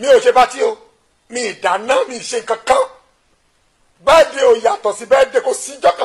mi ò ṣe pátí o mi ìdáná mi ìṣe kankan bẹ́ẹ̀dẹ̀ ò yàtọ̀ sí bẹ́ẹ̀dẹ̀ kò síjọ́